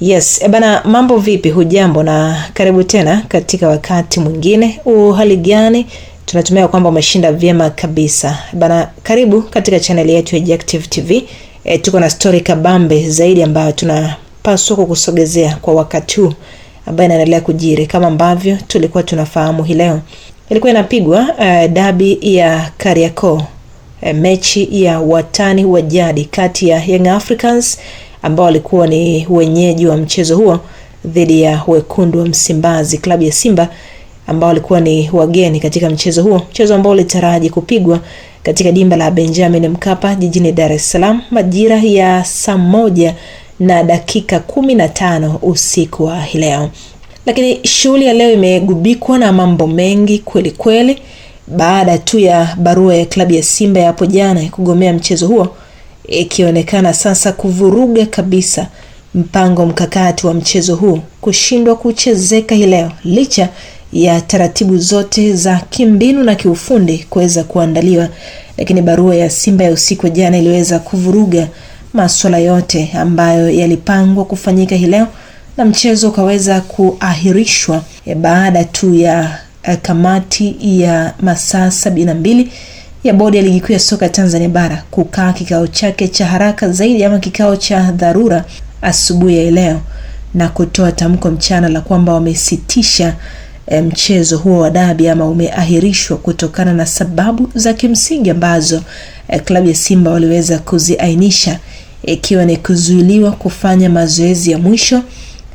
Yes, ebana, eh, mambo vipi? Hujambo na karibu tena katika wakati mwingine. Uhali gani? Tunatumia kwamba umeshinda vyema kabisa bana. Karibu katika chaneli yetu ya JAhctive TV. E, eh, tuko na stori kabambe zaidi ambayo tunapaswa kukusogezea kwa wakati huu ambayo inaendelea kujiri. Kama ambavyo tulikuwa tunafahamu, hii leo ilikuwa inapigwa uh, dabi ya Kariakoo, e, mechi ya watani wa jadi kati ya Young Africans ambao walikuwa ni wenyeji wa mchezo huo dhidi ya wekundu wa Msimbazi, klabu ya Simba ambao walikuwa ni wageni katika mchezo huo, mchezo ambao ulitaraji kupigwa katika dimba la Benjamin Mkapa jijini Dar es Salaam majira ya saa moja na dakika kumi na tano usiku wa leo. Lakini shughuli ya leo imegubikwa na mambo mengi kweli kweli, baada tu ya barua ya klabu ya Simba ya hapo jana ya kugomea mchezo huo ikionekana sasa kuvuruga kabisa mpango mkakati wa mchezo huu kushindwa kuchezeka hii leo licha ya taratibu zote za kimbinu na kiufundi kuweza kuandaliwa, lakini barua ya Simba ya usiku wa jana iliweza kuvuruga maswala yote ambayo yalipangwa kufanyika hii leo na mchezo ukaweza kuahirishwa baada tu ya eh, kamati ya masaa sabini na mbili ya bodi ya ligi kuu ya soka Tanzania bara kukaa kikao chake cha haraka zaidi ama kikao cha dharura asubuhi ya leo na kutoa tamko mchana la kwamba wamesitisha eh, mchezo huo wa dabi ama umeahirishwa kutokana na sababu za kimsingi ambazo eh, klabu ya Simba waliweza kuziainisha ikiwa ni kuzuiliwa kufanya mazoezi ya mwisho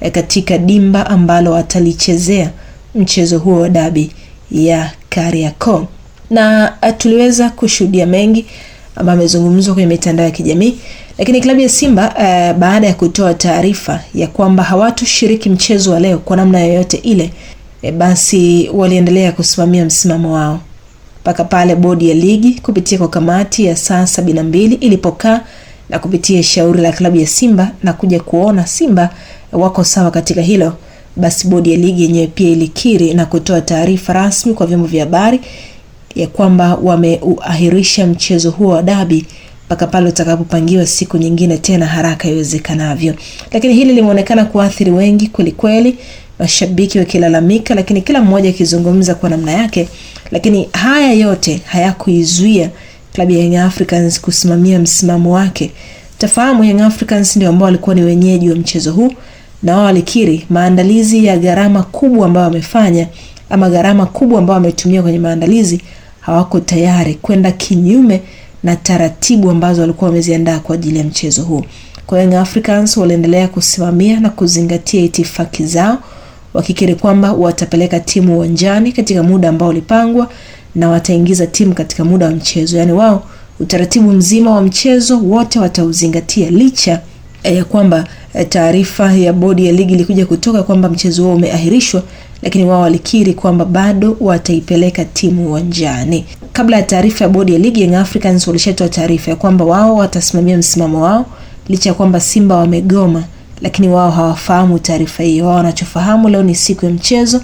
eh, katika dimba ambalo watalichezea mchezo huo wa dabi ya Kariakoo na eh, tuliweza kushuhudia mengi ambayo amezungumzwa kwenye mitandao ya kijamii. Lakini klabu ya Simba uh, baada ya kutoa taarifa ya kwamba hawatoshiriki mchezo wa leo kwa namna yoyote ile, e, basi waliendelea kusimamia msimamo wao mpaka pale bodi ya ligi kupitia kwa kamati ya saa sabini mbili ilipokaa na kupitia shauri la klabu ya Simba na kuja kuona Simba wako sawa katika hilo, basi bodi ya ligi yenyewe pia ilikiri na kutoa taarifa rasmi kwa vyombo vya habari ya kwamba wameuahirisha mchezo huo wa dabi mpaka pale utakapopangiwa siku nyingine tena haraka iwezekanavyo. Lakini hili limeonekana kuathiri wengi kwelikweli, mashabiki wakilalamika, lakini kila mmoja akizungumza kwa namna yake. Lakini haya yote hayakuizuia klabu ya Young Africans kusimamia msimamo wake. Tafahamu Young Africans ndio ambao walikuwa ni wenyeji wa mchezo huu na wao walikiri maandalizi ya gharama kubwa ambayo wamefanya ama gharama kubwa ambayo wametumia kwenye maandalizi hawako tayari kwenda kinyume na taratibu ambazo walikuwa wameziandaa kwa ajili ya mchezo huu. Kwa Young Africans waliendelea kusimamia na kuzingatia itifaki zao, wakikiri kwamba watapeleka timu uwanjani katika muda ambao ulipangwa na wataingiza timu katika muda wa mchezo. Yaani wao utaratibu mzima wa mchezo wote watauzingatia licha eh, ya kwamba eh, taarifa ya bodi ya ligi ilikuja kutoka kwamba mchezo huo umeahirishwa lakini wao walikiri kwamba bado wataipeleka timu uwanjani. Kabla ya taarifa ya bodi ya ligi, Young Africans walishatoa taarifa ya kwamba wao watasimamia msimamo wao licha ya kwamba Simba wamegoma, lakini wao hawafahamu taarifa hiyo. Wao wanachofahamu leo ni siku ya mchezo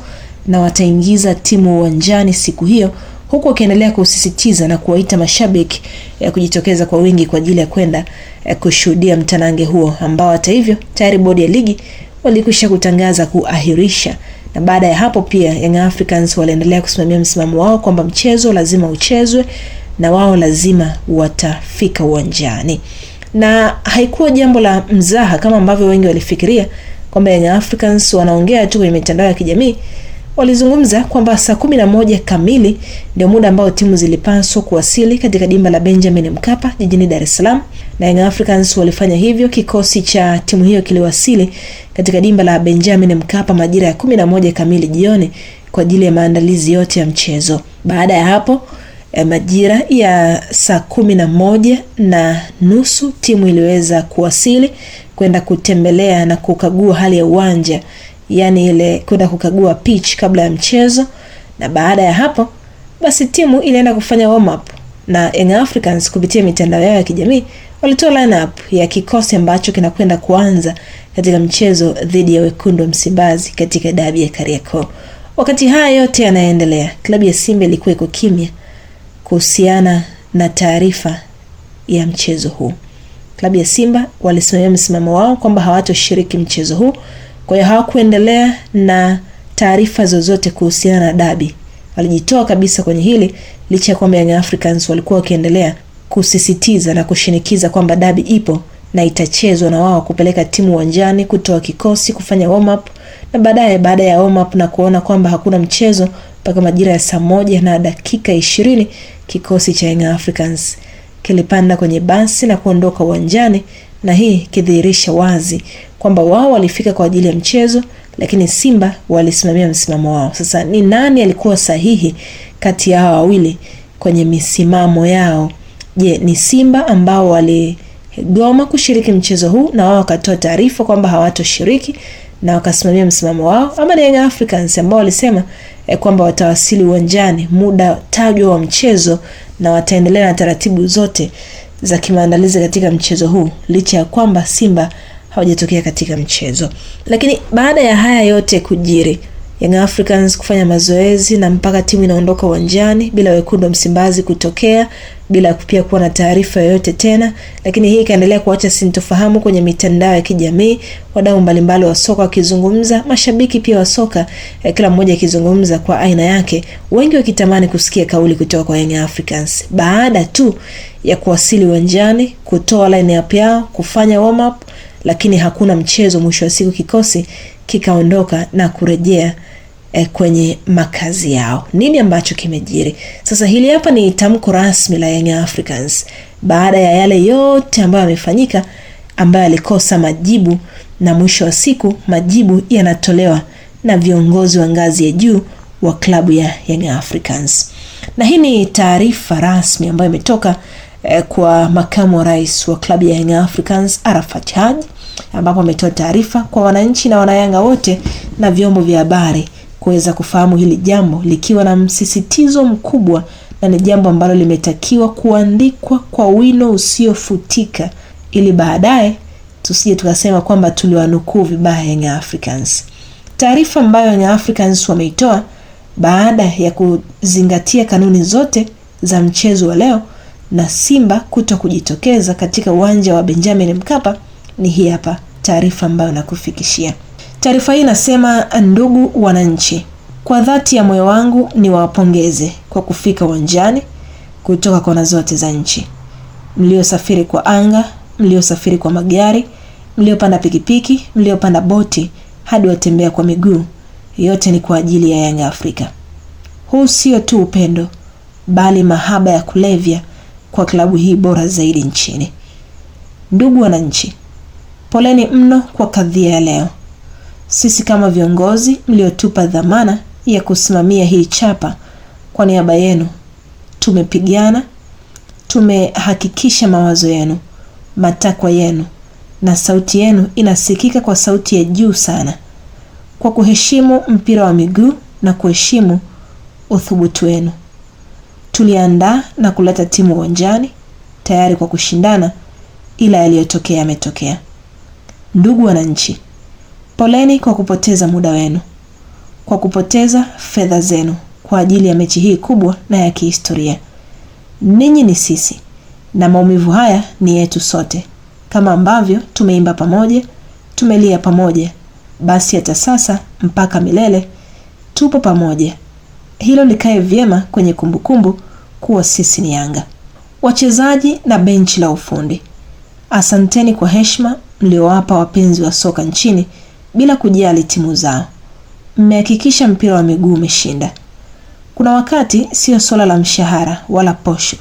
na wataingiza timu uwanjani siku hiyo, huku wakiendelea kusisitiza na kuwaita mashabiki ya eh, kujitokeza kwa wingi kwa ajili ya kwenda eh, kushuhudia mtanange huo ambao hata hivyo tayari bodi ya ligi walikwisha kutangaza kuahirisha na baada ya hapo pia Young Africans waliendelea kusimamia msimamo wao kwamba mchezo lazima uchezwe na wao lazima watafika uwanjani, na haikuwa jambo la mzaha kama ambavyo wengi walifikiria kwamba Young Africans wanaongea tu kwenye mitandao ya kijamii walizungumza kwamba saa kumi na moja kamili ndio muda ambao timu zilipaswa kuwasili katika dimba la Benjamin Mkapa jijini Dar es Salaam, na Young Africans walifanya hivyo. Kikosi cha timu hiyo kiliwasili katika dimba la Benjamin Mkapa majira ya kumi na moja kamili jioni kwa ajili ya maandalizi yote ya mchezo. Baada ya hapo eh, majira ya saa kumi na moja na nusu timu iliweza kuwasili kwenda kutembelea na kukagua hali ya uwanja yani ile kwenda kukagua pitch kabla ya mchezo, na baada ya hapo basi timu ilienda kufanya warm up na Young Africans kupitia mitandao yao ya kijamii walitoa lineup ya kikosi ambacho kinakwenda kuanza katika mchezo dhidi ya wekundu wa Msimbazi katika dabi ya Kariakoo. Wakati haya yote yanaendelea, klabu ya Simba ilikuwa iko kimya kuhusiana na taarifa ya mchezo huu. Klabu ya Simba walisimamia msimamo wao kwamba hawatoshiriki mchezo huu kwa hiyo hawakuendelea na taarifa zozote kuhusiana na dabi, walijitoa kabisa kwenye hili, licha ya kwamba Young Africans walikuwa wakiendelea kusisitiza na kushinikiza kwamba dabi ipo na itachezwa, na wao kupeleka timu uwanjani, kutoa kikosi, kufanya warm up, na baadaye baada ya warm up na kuona kwamba hakuna mchezo mpaka majira ya saa moja na dakika ishirini kikosi cha Young Africans kilipanda kwenye basi na kuondoka uwanjani, na hii ikidhihirisha wazi kwamba wao walifika kwa ajili ya mchezo, lakini Simba walisimamia msimamo wao. Sasa ni nani alikuwa sahihi kati ya hawa wawili kwenye misimamo yao? Je, ni Simba ambao waligoma kushiriki mchezo huu na wao wakatoa taarifa kwamba hawatoshiriki na wakasimamia msimamo wao, ama ni Young Africans ambao walisema eh, kwamba watawasili uwanjani muda tajwa wa mchezo na wataendelea na taratibu zote za kimaandalizi katika mchezo huu, licha ya kwamba Simba hawajatokea katika mchezo. Lakini baada ya haya yote kujiri Young Africans kufanya mazoezi na mpaka timu inaondoka uwanjani bila wekundu wa Msimbazi kutokea bila pia kuwa na taarifa yoyote tena, lakini hii ikaendelea kuacha sintofahamu kwenye mitandao ya kijamii, wadau mbalimbali wa soka wakizungumza, mashabiki pia wa soka eh, kila mmoja akizungumza kwa aina yake, wengi wakitamani kusikia kauli kutoka kwa Young Africans baada tu ya kuwasili uwanjani, kutoa line up yao, kufanya warm up, lakini hakuna mchezo. Mwisho wa siku kikosi kikaondoka na kurejea e, kwenye makazi yao. Nini ambacho kimejiri sasa? Hili hapa ni tamko rasmi la Young Africans baada ya yale yote ambayo yamefanyika, ambayo yalikosa majibu, na mwisho wa siku majibu yanatolewa na viongozi wa ngazi ya juu wa klabu ya Young Africans, na hii ni taarifa rasmi ambayo imetoka Eh, kwa makamu wa rais wa klabu ya Young Africans Arafat Haji, ambapo ametoa taarifa kwa wananchi na wanayanga wote na vyombo vya habari kuweza kufahamu hili jambo likiwa na msisitizo mkubwa na ni jambo ambalo limetakiwa kuandikwa kwa wino usiofutika ili baadaye tusije tukasema kwamba tuliwanukuu vibaya Young Africans. Taarifa ambayo Young Africans wameitoa baada ya kuzingatia kanuni zote za mchezo wa leo na Simba kuto kujitokeza katika uwanja wa Benjamin Mkapa ni hii hapa taarifa ambayo nakufikishia. Taarifa hii inasema, ndugu wananchi, kwa dhati ya moyo wangu ni wawapongeze kwa kufika uwanjani kutoka kona zote za nchi, mliosafiri kwa anga, mliosafiri kwa magari, mliopanda pikipiki, mliopanda boti hadi watembea kwa miguu, yote ni kwa ajili ya Yanga Afrika. Huu sio tu upendo, bali mahaba ya kulevya kwa klabu hii bora zaidi nchini. Ndugu wananchi, poleni mno kwa kadhia ya leo. Sisi kama viongozi mliotupa dhamana ya kusimamia hii chapa, kwa niaba yenu tumepigana, tumehakikisha mawazo yenu, matakwa yenu na sauti yenu inasikika kwa sauti ya juu sana, kwa kuheshimu mpira wa miguu na kuheshimu uthubutu wenu. Tuliandaa na kuleta timu uwanjani tayari kwa kushindana, ila yaliyotokea yametokea. Ndugu wananchi, poleni kwa kupoteza muda wenu, kwa kupoteza fedha zenu kwa ajili ya mechi hii kubwa na ya kihistoria. Ninyi ni sisi na maumivu haya ni yetu sote, kama ambavyo tumeimba pamoja, tumelia pamoja, basi hata sasa mpaka milele tupo pamoja. Hilo likae vyema kwenye kumbukumbu kumbu kuwa sisi ni Yanga, wachezaji na benchi la ufundi. Asanteni kwa heshima mliowapa wapenzi wa soka nchini bila kujali timu zao. Mmehakikisha mpira wa miguu umeshinda. Kuna wakati sio swala la mshahara wala posho,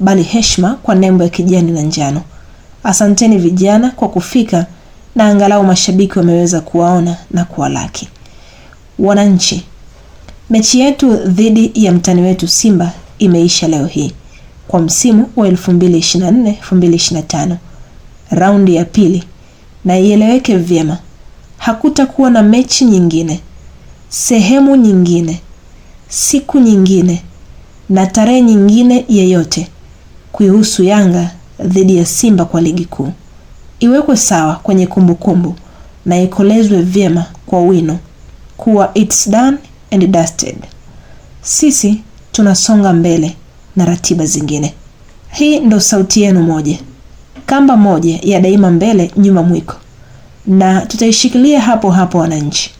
bali heshima kwa nembo ya kijani na njano. Asanteni vijana kwa kufika na angalau mashabiki wameweza kuwaona na kuwalaki. Wananchi, mechi yetu dhidi ya mtani wetu Simba imeisha leo hii kwa msimu wa 2024 2025 raundi ya pili, na ieleweke vyema, hakutakuwa na mechi nyingine, sehemu nyingine, siku nyingine na tarehe nyingine yeyote kuihusu Yanga dhidi ya Simba kwa ligi kuu. Iwekwe sawa kwenye kumbukumbu kumbu, na ikolezwe vyema kwa wino kuwa it's done and dusted. Sisi tunasonga mbele na ratiba zingine. Hii ndo sauti yenu moja, kamba moja ya daima mbele, nyuma mwiko, na tutaishikilia hapo hapo. Wananchi,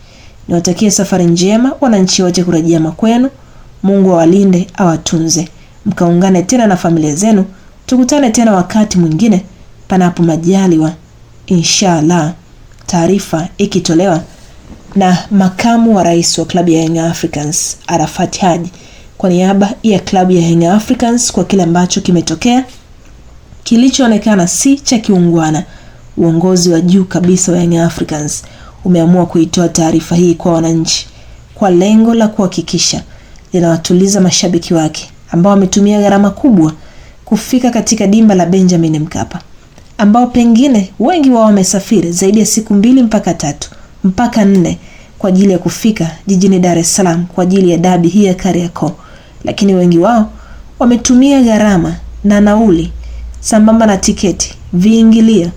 niwatakie safari njema wananchi wote kurejea makwenu. Mungu awalinde awatunze, mkaungane tena na familia zenu. Tukutane tena wakati mwingine, panapo majaliwa inshallah. Taarifa ikitolewa na makamu wa rais wa klabu ya Young Africans Arafat Haji kwa niaba ya klabu ya Young Africans kwa kile ambacho kimetokea kilichoonekana si cha kiungwana. Uongozi wa juu kabisa wa Young Africans umeamua kuitoa taarifa hii kwa wananchi kwa lengo la kuhakikisha linawatuliza mashabiki wake ambao wametumia gharama kubwa kufika katika dimba la Benjamin Mkapa, ambao pengine wengi wao wamesafiri zaidi ya siku mbili mpaka tatu mpaka nne kwa ajili ya kufika jijini Dar es Salaam kwa ajili ya dabi hii ya Kariakoo lakini wengi wao wametumia gharama na nauli sambamba na tiketi, viingilio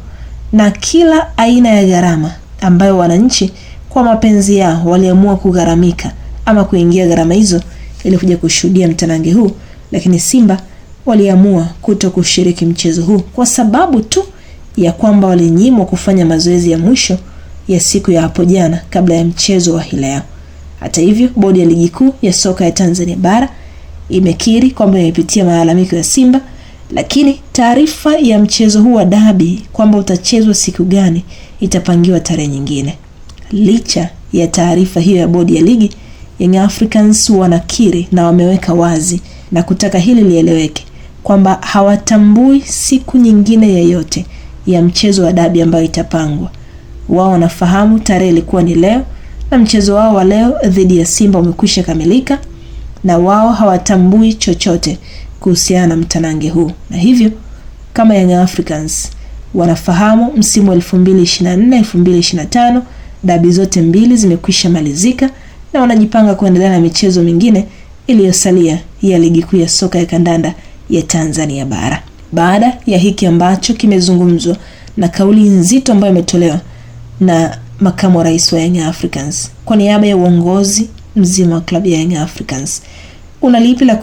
na kila aina ya gharama ambayo wananchi kwa mapenzi yao waliamua kugharamika ama kuingia gharama hizo ili kuja kushuhudia mtanange huu, lakini Simba waliamua kuto kushiriki mchezo huu kwa sababu tu ya kwamba walinyimwa kufanya mazoezi ya mwisho ya siku ya hapo jana kabla ya mchezo wa hileo Hata hivyo, bodi ya ligi kuu ya soka ya Tanzania bara imekiri kwamba imepitia malalamiko ya Simba, lakini taarifa ya mchezo huu wa dabi kwamba utachezwa siku gani itapangiwa tarehe nyingine. Licha ya taarifa hiyo ya bodi ya ligi, Young Africans wanakiri na wameweka wazi na kutaka hili lieleweke kwamba hawatambui siku nyingine yoyote ya, mchezo wa dabi ambayo itapangwa. Wao wanafahamu tarehe ilikuwa ni leo na mchezo wao wa leo dhidi ya Simba umekwisha kamilika na wao hawatambui chochote kuhusiana na mtanange huu, na hivyo kama Young Africans wanafahamu msimu 2024 2025 dabi zote mbili zimekwisha malizika na wanajipanga kuendelea na michezo mingine iliyosalia ya ligi kuu ya soka ya kandanda ya Tanzania bara. Baada ya hiki ambacho kimezungumzwa na kauli nzito ambayo imetolewa na makamu wa rais wa Young Africans kwa niaba ya uongozi mzima wa klabu ya Young Africans Una la